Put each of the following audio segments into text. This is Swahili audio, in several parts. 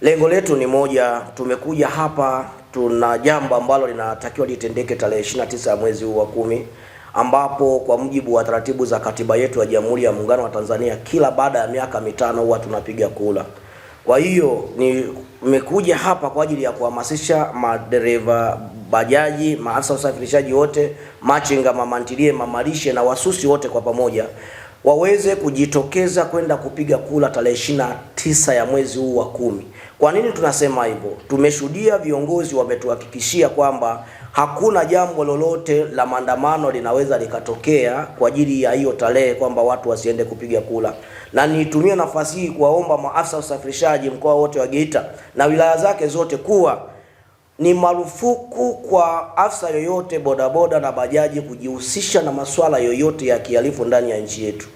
Lengo letu ni moja, tumekuja hapa, tuna jambo ambalo linatakiwa litendeke tarehe 29 ya mwezi huu wa kumi, ambapo kwa mujibu wa taratibu za katiba yetu ya Jamhuri ya Muungano wa Tanzania kila baada ya miaka mitano huwa tunapiga kula Kwa hiyo nimekuja hapa kwa ajili ya kuhamasisha madereva bajaji, maafisa usafirishaji wote, machinga, mamantilie, mamalishe na wasusi wote kwa pamoja waweze kujitokeza kwenda kupiga kula tarehe tisa ya mwezi huu wa kumi. Kwa nini tunasema hivyo? Tumeshuhudia viongozi wametuhakikishia kwamba hakuna jambo lolote la maandamano linaweza likatokea kwa ajili ya hiyo tarehe, kwamba watu wasiende kupiga kura. Na nitumie nafasi hii kuwaomba maafisa wa usafirishaji mkoa wote wa Geita na wilaya zake zote kuwa ni marufuku kwa afisa yoyote bodaboda na bajaji kujihusisha na masuala yoyote ya kihalifu ndani ya nchi yetu.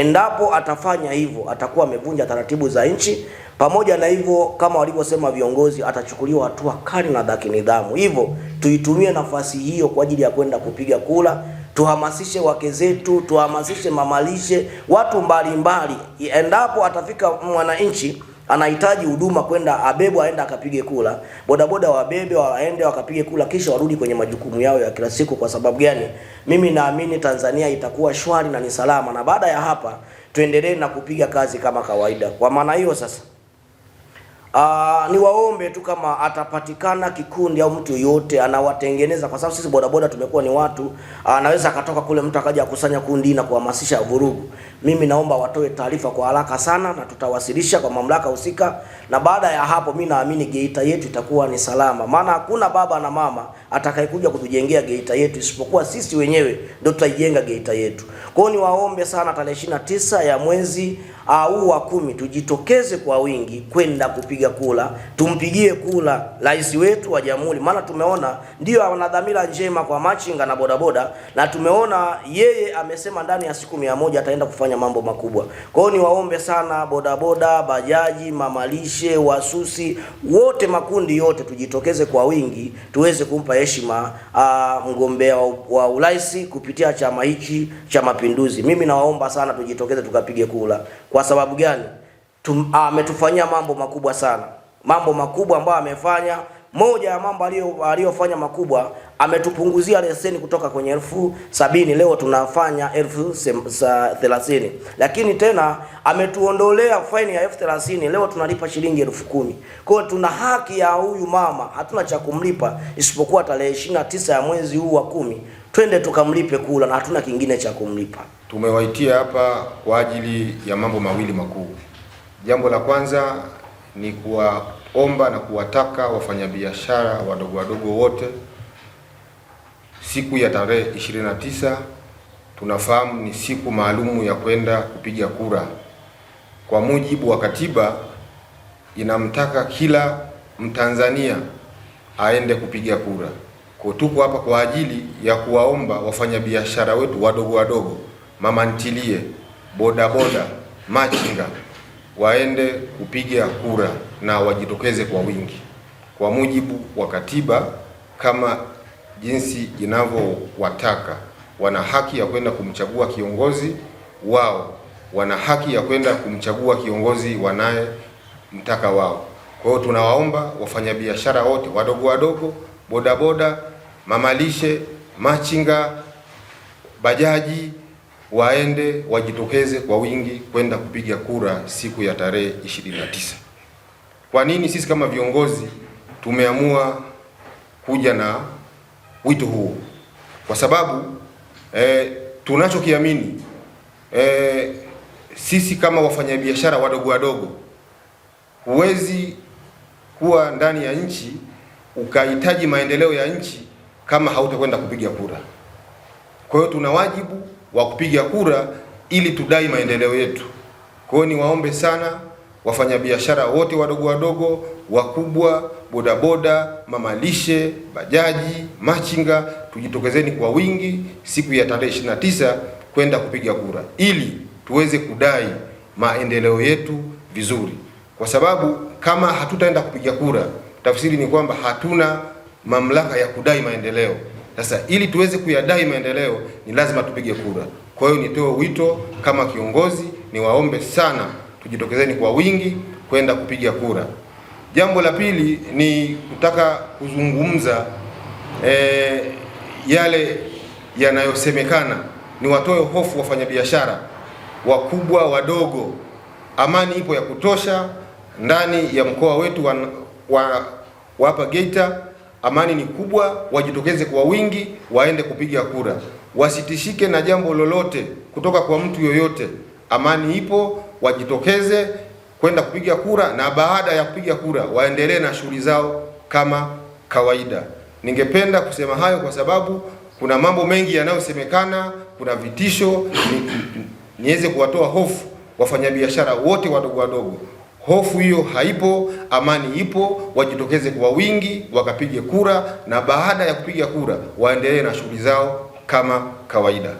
Endapo atafanya hivyo, atakuwa amevunja taratibu za nchi. Pamoja na hivyo, kama walivyosema viongozi, atachukuliwa hatua kali na za kinidhamu. Hivyo tuitumie nafasi hiyo kwa ajili ya kwenda kupiga kura, tuhamasishe wake zetu, tuhamasishe mamalishe, watu mbalimbali mbali. Endapo atafika mwananchi anahitaji huduma kwenda abebwe aende akapige kula, bodaboda wabebe waende wakapige kula, kisha warudi kwenye majukumu yao ya kila siku. Kwa sababu gani? Mimi naamini Tanzania itakuwa shwari na ni salama, na baada ya hapa tuendelee na kupiga kazi kama kawaida. Kwa maana hiyo sasa Uh, ah, ni waombe tu kama atapatikana kikundi au mtu yoyote anawatengeneza, kwa sababu sisi bodaboda tumekuwa ni watu, ah, anaweza uh, akatoka kule mtu akaja kusanya kundi na kuhamasisha vurugu. Mimi naomba watoe taarifa kwa haraka sana, na tutawasilisha kwa mamlaka husika, na baada ya hapo mi naamini Geita yetu itakuwa ni salama, maana hakuna baba na mama atakayekuja kutujengea Geita yetu isipokuwa sisi wenyewe ndio tutaijenga Geita yetu. Kwa hiyo niwaombe sana, tarehe 29 ya mwezi ah, huu uh, wa kumi tujitokeze kwa wingi kwenda kupiga kupiga kula, tumpigie kula rais wetu wa jamhuri, maana tumeona ndio ana dhamira njema kwa machinga na bodaboda, na tumeona yeye amesema ndani ya siku mia moja ataenda kufanya mambo makubwa. Kwa hiyo niwaombe sana bodaboda, bajaji, mamalishe, wasusi wote, makundi yote, tujitokeze kwa wingi tuweze kumpa heshima ah, mgombea wa urais kupitia chama hichi cha Mapinduzi. Mimi nawaomba sana tujitokeze tukapige kula. Kwa sababu gani? Ah, ametufanyia mambo makubwa sana, mambo makubwa ambayo amefanya. Moja ya mambo aliyofanya makubwa, ametupunguzia leseni kutoka kwenye elfu sabini leo tunafanya elfu thelathini lakini tena ametuondolea faini ya elfu thelathini leo tunalipa shilingi elfu kumi Kwa hiyo tuna haki ya huyu mama, hatuna cha kumlipa isipokuwa tarehe ishirini na tisa ya mwezi huu wa kumi twende tukamlipe kula, na hatuna kingine cha kumlipa. Tumewaitia hapa kwa ajili ya mambo mawili makubwa. Jambo la kwanza ni kuwaomba na kuwataka wafanyabiashara wadogo wadogo wote, siku ya tarehe 29 tunafahamu ni siku maalumu ya kwenda kupiga kura. Kwa mujibu wa katiba, inamtaka kila Mtanzania aende kupiga kura. Kwa tuko hapa kwa ajili ya kuwaomba wafanyabiashara wetu wadogo wadogo, mama ntilie, bodaboda, machinga waende kupiga kura na wajitokeze kwa wingi kwa mujibu wa katiba kama jinsi inavyowataka. Wana haki ya kwenda kumchagua kiongozi wao, wana haki ya kwenda kumchagua kiongozi wanaye mtaka wao. Kwa hiyo tunawaomba wafanyabiashara wote wadogo wadogo, bodaboda, mamalishe, machinga, bajaji waende wajitokeze kwa wingi kwenda kupiga kura siku ya tarehe 29. Kwa nini sisi kama viongozi tumeamua kuja na wito huu? Kwa sababu eh, tunachokiamini eh, sisi kama wafanyabiashara wadogo wadogo, huwezi kuwa ndani ya nchi ukahitaji maendeleo ya nchi kama hautakwenda kupiga kura. Kwa hiyo tuna wajibu wa kupiga kura ili tudai maendeleo yetu. Kwa hiyo niwaombe sana wafanyabiashara wote wadogo wadogo, wakubwa, bodaboda, mamalishe, bajaji, machinga, tujitokezeni kwa wingi siku ya tarehe 29 kwenda kupiga kura ili tuweze kudai maendeleo yetu vizuri, kwa sababu kama hatutaenda kupiga kura, tafsiri ni kwamba hatuna mamlaka ya kudai maendeleo. Sasa ili tuweze kuyadai maendeleo ni lazima tupige kura. Kwa hiyo nitoe wito kama kiongozi, niwaombe sana tujitokezeni kwa wingi kwenda kupiga kura. Jambo la pili ni kutaka kuzungumza e, yale yanayosemekana. Niwatoe hofu wafanyabiashara wakubwa, wadogo. Amani ipo ya kutosha ndani ya mkoa wetu wa, wa, wa hapa Geita Amani ni kubwa, wajitokeze kwa wingi, waende kupiga kura, wasitishike na jambo lolote kutoka kwa mtu yoyote. Amani ipo, wajitokeze kwenda kupiga kura, na baada ya kupiga kura waendelee na shughuli zao kama kawaida. Ningependa kusema hayo kwa sababu kuna mambo mengi yanayosemekana, kuna vitisho niweze kuwatoa hofu wafanyabiashara wote wadogo wadogo hofu hiyo haipo, amani ipo. Wajitokeze kwa wingi wakapige kura, na baada ya kupiga kura waendelee na shughuli zao kama kawaida.